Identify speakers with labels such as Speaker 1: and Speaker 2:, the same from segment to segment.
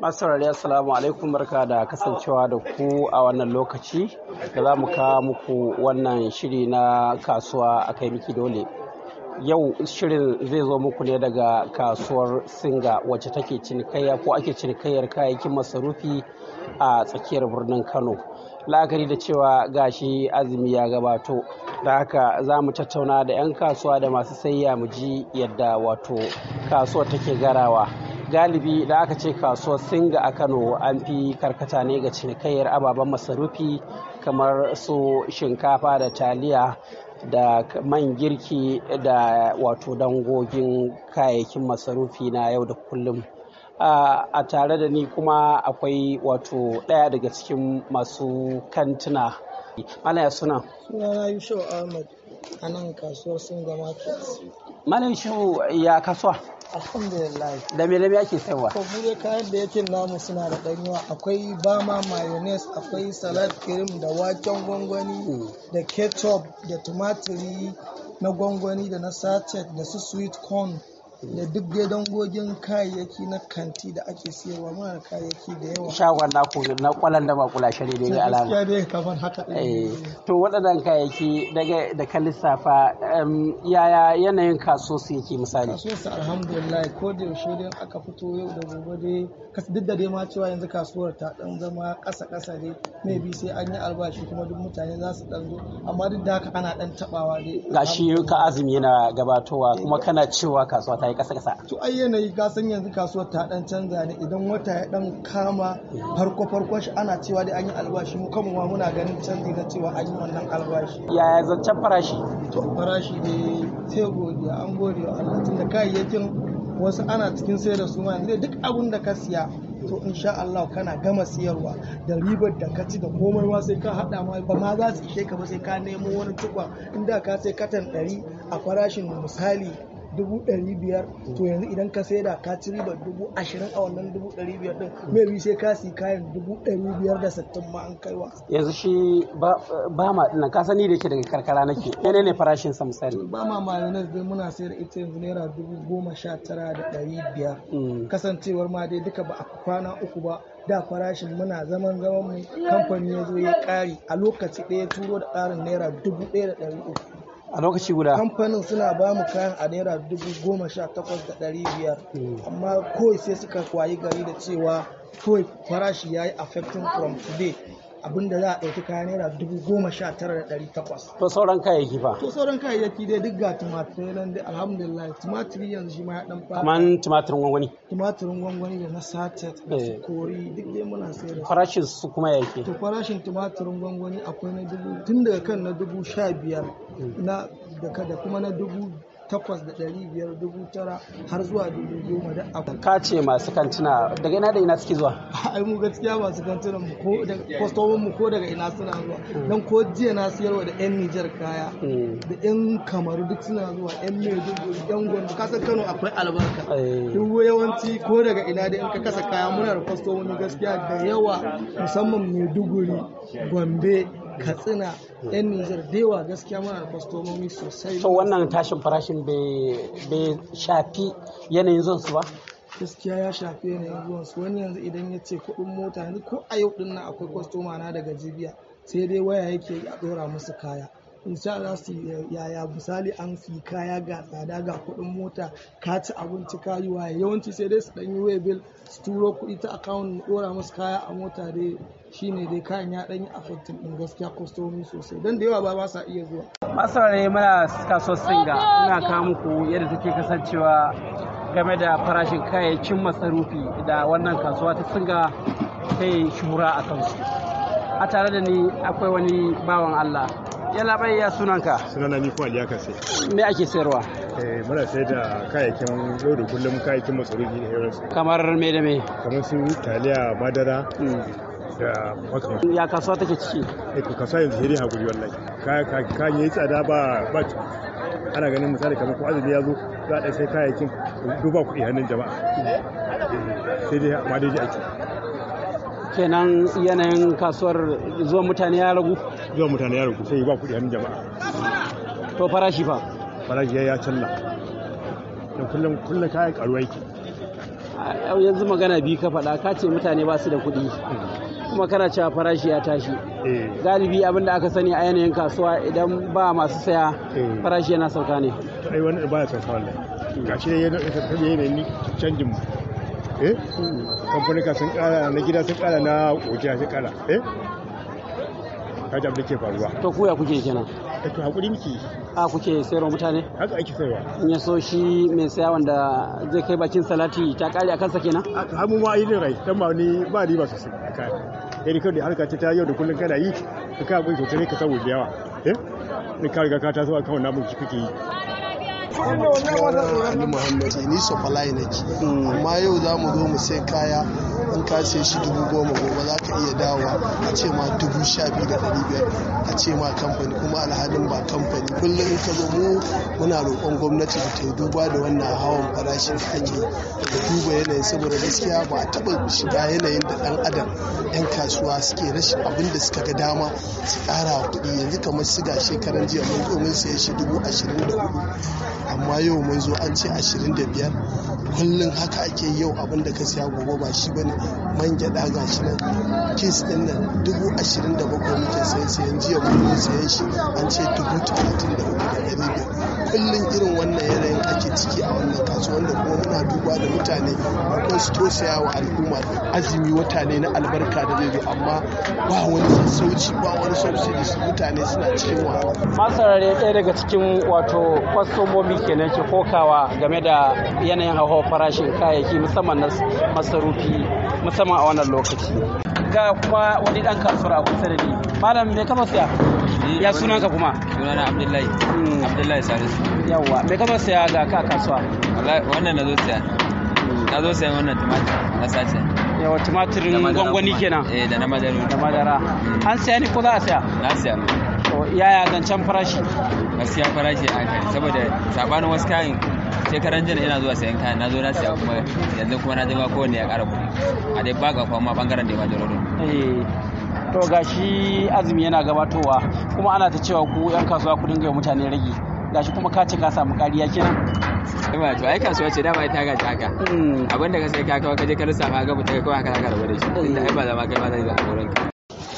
Speaker 1: masarari rari assalamu alaikum barka da kasancewa da ku a wannan lokaci da za mu kawo muku wannan shiri na kasuwa a kai miki dole. Yau shirin zai zo muku ne daga kasuwar Singa wacce take cinikayya ko ake cinikayyar kayayyakin masarufi a tsakiyar birnin Kano. La'akari da cewa gashi azumi ya gabato, da haka za mu tattauna da 'yan kasuwa da masu sayya mu ji yadda wato kasuwar take garawa. galibi da aka ce kasuwar singa a kano an fi karkata ne ga cinikayyar ababen masarufi kamar su shinkafa da taliya da man girki da wato dangogin kayayyakin masarufi na yau da kullum a tare da ni kuma akwai wato ɗaya daga cikin masu kantuna Malam ya suna.
Speaker 2: Sunana Ahmad a nan kasuwar Singa Market.
Speaker 1: manin shu ya kasuwa
Speaker 2: alhamdulillah
Speaker 1: da me da ake saiwa to
Speaker 2: mu kayan da yake namu suna da danyuwa akwai bama mayonnaise akwai salad cream da waken gwangwani hmm. da ketchup da tumatiri na gwangwani da na sachet da su sweet corn da duk dai dangogin kayayyaki na kanti da ake siyarwa mana kayayyaki da
Speaker 1: yawa shagon naku na kwalan da makula shari da ga alama gaskiya
Speaker 2: dai haka eh
Speaker 1: to waɗannan kayayyaki daga da ka lissafa yaya yanayin kaso yake misali kaso su alhamdulillah
Speaker 2: ko da yaushe dai aka fito yau da gobe dai duk da dai ma cewa yanzu kasuwar ta dan zama ƙasa ƙasa dai Mai bi sai an yi albashi kuma duk mutane za su dan zo amma duk da haka ana dan tabawa dai
Speaker 1: gashi ka azumi yana gabatowa kuma kana cewa kasuwa ta yayi kasa kasa to
Speaker 2: ai yanayi ka san yanzu kasuwar ta dan canza ne idan wata ya dan kama farko farko shi ana cewa dai an yi albashi mu kanmu ma muna ganin canji na cewa an yi wannan albashi
Speaker 1: yaya zancen
Speaker 2: farashi to farashi ne sai godiya an gode wa Allah tunda kayayyakin wasu ana cikin sai da su ma yanzu duk abun da ka siya to insha Allah kana gama siyarwa da ribar da ka ci da komai ma sai ka hada ma ba ma za su ishe ka ba sai ka nemo wani tukwa inda ka sai katan 100 a farashin misali dubu ɗari biyar to yanzu idan ka saida ka ci ribar dubu ashirin a wannan dubu ɗari biyar ɗin maybe sai ka si kayan dubu ɗari biyar da sittin ma an kaiwa.
Speaker 1: yanzu shi ba ma ɗin ka sani da ke daga karkara nake yanayi ne farashin samsari? ba ma
Speaker 2: mayones dai muna sayar ita yanzu naira dubu goma sha tara da ɗari biyar mm. kasancewar ma dai duka ba a kwana uku ba da farashin muna zaman zaman mu kamfani ya zo ya ƙari a lokaci ɗaya turo da ƙarin naira dubu ɗaya da ɗari uku.
Speaker 1: a lokaci guda
Speaker 2: kamfanin suna ba mu kayan a naira dubu goma sha takwas da ɗari biyar hmm. amma kawai sai suka kwayi gari da cewa kawai farashi ya yi affecting from today abinda za a ɗauki kayan naira dubu goma sha
Speaker 1: tara da ɗari takwas. To sauran kayayyaki fa? To
Speaker 2: sauran kayayyaki dai duk ga tumatirai nan dai alhamdulillah tumatiri yanzu shi ma ya ɗan fara. Kaman
Speaker 1: tumatirin gwangwani? Tumatirin gwangwani da na sata, da su eh. kori duk dai muna sayar da Farashin su kuma ya ke? To farashin tumatirin gwangwani akwai na dubu
Speaker 2: tun daga kan na dubu sha biyar hmm. na da kuma na dubu takwas da ɗari
Speaker 1: biyar dubu tara har zuwa dubu goma da abu. ka ce masu kantina daga ina da ina suke zuwa
Speaker 2: ai mu gaskiya masu kantinan mu ko daga kwastomin mu ko daga ina suna zuwa hmm. dan ko jiya na siyarwa da yan nijar kaya hmm. da yan kamaru duk suna zuwa yan maiduguri yan gombe ka san kano akwai albarka
Speaker 3: eh. duk yawanci ko daga ina da in ka kasa kaya muna da
Speaker 2: kwastomomi gaskiya da yawa musamman maiduguri gombe katsina
Speaker 1: yan nijar dewa gaskiya muna da kwastomomi sosai so wannan tashin farashin bai shafi yanayin zuwan ba gaskiya ya shafi yanayin zuwan wani yanzu idan
Speaker 2: ya ce kuɗin mota yanzu ko a yau din akwai kwastoma na daga jibiya sai dai waya yake a ɗora musu kaya insha za su yaya misali an fi kaya ga tsada ga kuɗin mota ka ci abinci ka yi waye yawanci sai dai su ɗan yi bil su turo kuɗi ta akawun dora musu kaya a mota dai Shi ne dai kayan ya ɗan yi affecting ɗin gaskiya kwastomi sosai don da yawa ba ba sa iya zuwa.
Speaker 1: ne mana kasuwar singa ina kawo muku yadda take kasancewa game da farashin kayayyakin masarufi da wannan kasuwa ta singa ta yi shura a kansu. A tare da ni akwai wani bawan Allah. Ya labai ya sunanka? Sunana ni kuma Aliyaka sai. Me ake sayarwa? Eh, muna sai da kayayyakin yau da kullum kayayyakin masarufi da yawansu. Kamar me da me? Kamar su taliya, madara, hmm. ya kasuwa take ciki eh to kasuwa yanzu hiri hakuri
Speaker 4: wallahi ka yi tsada ba ba ana ganin misali kamar ko azumi ya zo za a sai kayayyakin duba kuɗi hannun jama'a eh, sai dai amma dai ake
Speaker 1: kenan yanayin kasuwar zuwa mutane ya ragu zuwa mutane ya ragu sai ba kuɗi hannun jama'a to farashi fa farashi ya canza da kullum kullum kayan karuwa yake yanzu magana biyu ka faɗa ka ce mutane ba su da kuɗi hmm. kuma kana cewa farashi ya tashi eh. galibi abin da aka sani a yanayin kasuwa idan ba masu saya eh. farashi yana sauka ne ai wani baya sauka
Speaker 5: ga shi ne yanayin canjin mu eh kamfani ka sun kara na gida sun kara na ojiya sun kara eh kaji abin da ke faruwa
Speaker 1: to koya kuke kenan eh, to hakuri miki a kuke sayarwa mutane haka ake sayarwa in ya so shi mai saya wanda zai kai bakin salati ta kare a kansa kenan a mu ma irin rai dan ba
Speaker 4: ni ba riba sosai a ya eh kawai da harka ta yau da kullum kana yi ka kai abin sosai ka samu
Speaker 5: biyawa eh ni ka riga ka taso akan namun ki kake yi Ali Muhammad ni sofalai nake hmm. amma yau za mu zo mu sai kaya in ka sai shi dubu goma gobe za ka iya dawowa a ce ma dubu sha biyu da ɗari biyar a ce ma kamfani kuma alhalin ba kamfani kullum in ka zo mu muna roƙon gwamnati da ta duba da wannan hawan farashin da ake da duba yanayin saboda gaskiya ba a taɓa shiga yanayin da ɗan adam 'yan kasuwa suke rashin abin da suka ga dama su ƙara kuɗi yanzu kamar su ga shekaran jiya mun zo mun saye shi dubu ashirin da hudu amma yau mun zo an ce ashirin da biyar kullum haka ake yau abin da ka siya gobe ba shi bane man gyaɗa ga shi nan kis din nan dubu ashirin da bakwai muke sai sayan jiya mun sayan shi an ce dubu talatin da uku da ɗari biyar kullum irin wannan yanayin ake ciki a wannan kasuwan da kuma muna duba da mutane akwai su tosaya wa al'umma azumi wata ne na albarka da zai amma ba wani sassauci ba wani subsidies mutane suna cikin wahala.
Speaker 1: masarare ɗaya daga cikin wato kwastomomi kenan ke kokawa game da yanayin hauhawar farashin kayayyaki musamman na masarufi musamman a
Speaker 4: wannan lokaci
Speaker 1: ga kuma wani dan kasuwar a kusa da ni malam me kafa siya ya sunanka kuma
Speaker 4: sunana abdullahi hmm. abdullahi salisu yawa
Speaker 1: me kafa siya ga ka
Speaker 4: kasuwa wannan na zo siya na zo siya wannan tumatir na sace yawa tumatirin gwangwani kenan eh da na madara da madara hmm. an siya ne ko za a siya na siya yaya zancen farashi gaskiya farashi a kai saboda sabanin wasu kayan shekaran jana ina zuwa sayan kayan na zo na siya kuma yanzu kuma na zama kowanne ya ƙara kuɗi a dai baga kuma ma bangaren da ya majo rodin
Speaker 1: eh, to gashi azumi yana gabatowa kuma ana ta cewa ku yan kasuwa ku dinga mutane rage gashi kuma ka ce ka samu kariya kenan
Speaker 4: Ima to ai kasuwa ce dama ita ga haka. Hmm. Abinda ka sai ka kawo ka je ka ma ga mutane kawai haka ka rabu da shi. Eh. Inda ai ba zama kai ma zai zama wurin ka.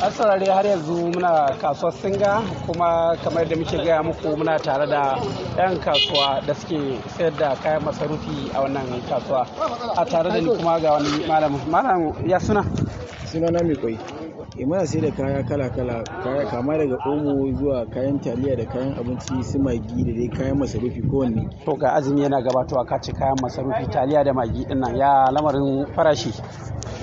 Speaker 1: asarare har yanzu muna kasuwar singa kuma kamar da muke gaya muku muna tare da 'yan kasuwa da suke sayar da kayan masarufi a wannan kasuwa a tare da ni kuma ga wani malam ya suna
Speaker 3: suna na mai Eh muna sayar da kaya kala kala, kaya kama daga omo zuwa kayan taliya da kayan abinci su magi da dai kayan masarufi kowanne. To ga azumi yana
Speaker 1: gabatowa ka kace kayan masarufi taliya da magi dinnan ya lamarin farashi.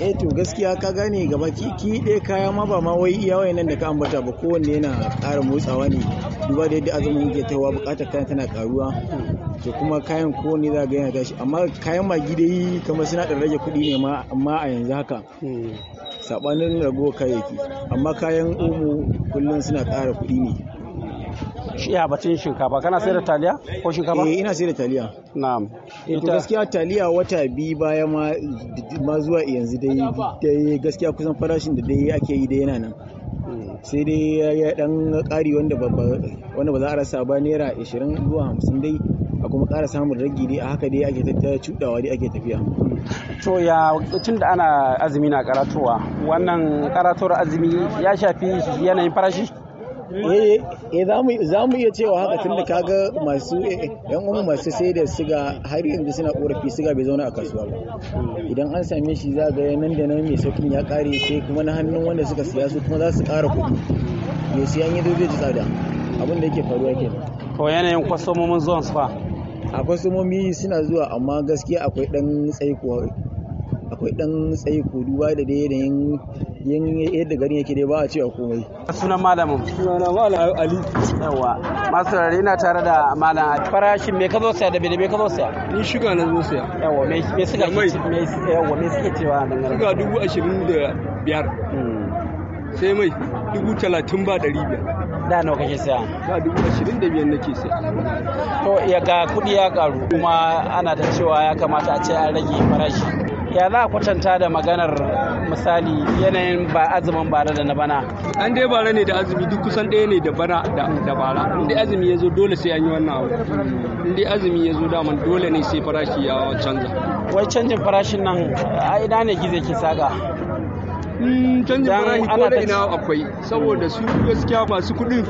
Speaker 1: eh to
Speaker 3: gaskiya ka gane gaba ki ɗaya kaya ma ba ma wai iya nan da ka ambata ba kowanne yana ƙara motsawa ne duba da yadda azumi yake tawa buƙatar kayan tana ƙaruwa to kuma kayan kowanne za ga yana tashi amma kayan magi dai kamar suna da rage kuɗi ne ma amma a yanzu haka hmm. sabanin ragowar kayayyaki amma kayan umu kullum suna ƙara kuɗi ne shi ya batun
Speaker 1: shinkafa kana sai da
Speaker 3: taliya ko shinkafa eh ina sai da taliya na'am to gaskiya taliya wata biyu baya ma ma zuwa yanzu dai dai gaskiya kusan farashin da dai ake yi dai yana nan hmm. sai dai ya dan ƙari wanda ba wanda ba za a rasa ba naira 20 zuwa 50 dai a kuma ƙara samun ragi dai a haka dai ake tattara cudawa dai ake tafiya to ya tun da ana azumi na karatuwa, wannan karatuwar azumi ya shafi yanayin farashi eh, eh za mu iya cewa haka da kaga masu yan umu masu sai da siga har yanzu suna korafi siga bai zauna a kasuwa
Speaker 5: ba
Speaker 3: idan an same shi za ga nan da nan mai saukin ya kare sai kuma na hannun wanda suka siya su kuma za su kara kuɗi yau siyan yi zai ji tsada abin da yake faruwa ke. to yanayin kwasomomin zuwan su fa Akwai kwastomomi suna zuwa amma gaskiya akwai ɗan tsaiko akwai dan tsaiko duba da dai yanayin yadda garin yake dai ba a cewa komai sunan malamin sunana malam ali yawa
Speaker 1: masu rari na tare da malam ali farashin me ka zo saya da me me ka zo
Speaker 4: saya ni shuga na zo saya yawa me me suka mai yawa me suke cewa nan shuga dubu ashirin da biyar hmm. sai mai dubu talatin ba ɗari biyar da nawa kake saya da dubu ashirin da biyar nake saya to ya ga kuɗi ya karu
Speaker 1: kuma ana ta cewa ya kamata a ce an rage farashi ya za a kwatanta da maganar
Speaker 4: misali yanayin ba azumin bara da na bana an dai bara ne da azumi duk kusan ɗaya ne da bana da bara in dai azumi ya zo dole sai an yi wannan abu in dai azumi ya zo daman dole ne sai farashi ya canza wai canjin farashin nan a ina ne gizo ke saga Mm, canjin farashi ko da ina akwai saboda su gaskiya masu kuɗin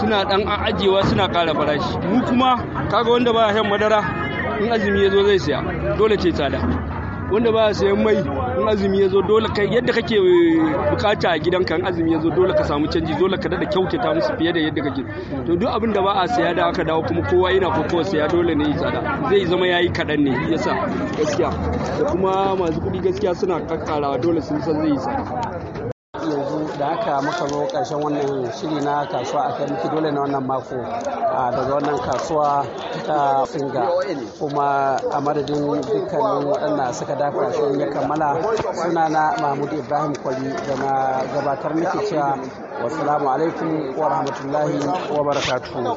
Speaker 4: suna dan ajewa suna kara farashi mu kuma kaga wanda ba shan madara in azumi ya zo zai siya dole ce tsada wanda ba sayan mai in azumi ya zo dole kai yadda kake eh, bukata a gidanka in azumi ya zo dole ka samu canji dole ka dada kyautata musu fiye da yadda kake to duk abin da ba a saya da aka dawo kuma kowa yana kokowa saya dole ne ya tsada zai zama yayi kaɗan ne yasa gaskiya da kuma masu kuɗi gaskiya suna kakkarawa dole sun san zai yi tsada da aka muka zo karshen wannan shiri na
Speaker 1: kasuwa a kan miki dole na wannan mako daga wannan kasuwa ta singa kuma a madadin dukkanin wadanda suka dafa shi ya kammala suna na mahmud ibrahim kwali da na gabatar miki cewa wasu alaikum wa rahmatullahi wa barakatuhu